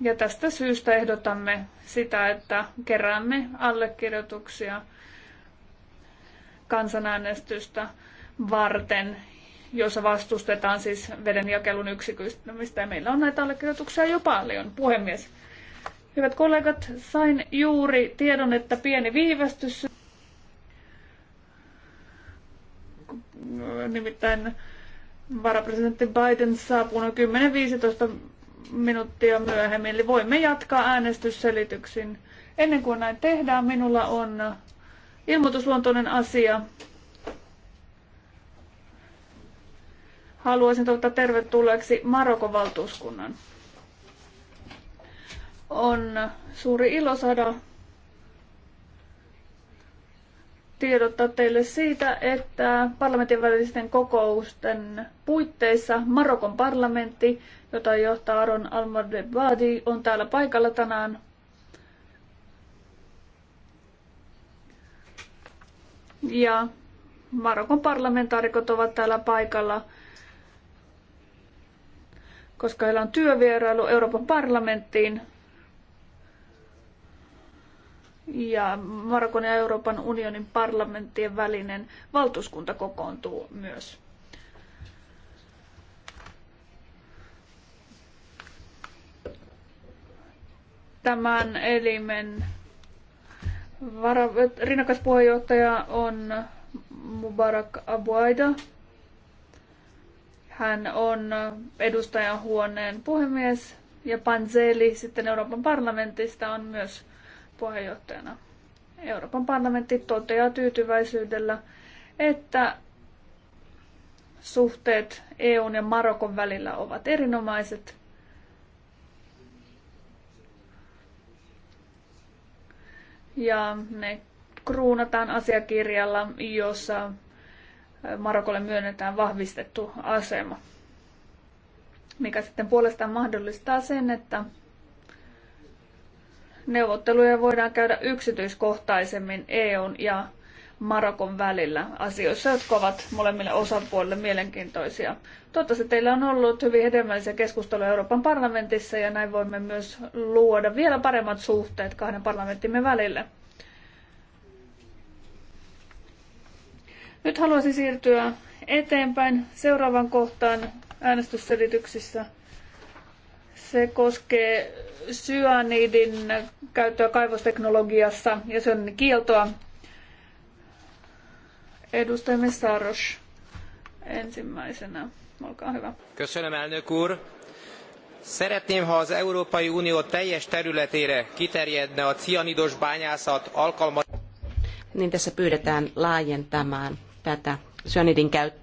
Ja tästä syystä ehdotamme sitä, että keräämme allekirjoituksia kansanäänestystä varten, jossa vastustetaan siis vedenjakelun yksityistämistä. Ja meillä on näitä allekirjoituksia jo paljon, puhemies. Hyvät kollegat, sain juuri tiedon, että pieni viivästys. Nimittäin varapresidentti Biden saapuu noin 10-15 minuuttia myöhemmin, eli voimme jatkaa äänestysselityksin. Ennen kuin näin tehdään, minulla on ilmoitusluontoinen asia. Haluaisin toivottaa tervetulleeksi Marokon valtuuskunnan. On suuri ilo saada tiedottaa teille siitä, että parlamentin välisten kokousten puitteissa Marokon parlamentti, jota johtaa Aron Almadebadi, on täällä paikalla tänään. Ja Marokon parlamentaarikot ovat täällä paikalla, koska heillä on työvierailu Euroopan parlamenttiin ja Marokon ja Euroopan unionin parlamenttien välinen valtuuskunta kokoontuu myös. Tämän elimen vara, rinnakkaispuheenjohtaja on Mubarak Abuaida. Hän on edustajahuoneen puhemies ja Panzeli sitten Euroopan parlamentista on myös puheenjohtajana. Euroopan parlamentti toteaa tyytyväisyydellä, että suhteet EUn ja Marokon välillä ovat erinomaiset. Ja ne kruunataan asiakirjalla, jossa Marokolle myönnetään vahvistettu asema, mikä sitten puolestaan mahdollistaa sen, että Neuvotteluja voidaan käydä yksityiskohtaisemmin EUn ja Marokon välillä asioissa, jotka ovat molemmille osapuolille mielenkiintoisia. Toivottavasti teillä on ollut hyvin hedelmällisiä keskusteluja Euroopan parlamentissa ja näin voimme myös luoda vielä paremmat suhteet kahden parlamenttimme välille. Nyt haluaisin siirtyä eteenpäin seuraavan kohtaan äänestysselityksissä – se koskee syanidin käyttöä kaivosteknologiassa ja sen kieltoa. Edustaja Messaros ensimmäisenä. Olkaa hyvä. Köszönöm, elnök úr. Szeretném, ha az Európai Unió teljes területére kiterjedne a cianidos bányászat alkalma... Niin tässä pyydetään laajentamaan tätä syanidin käyttöä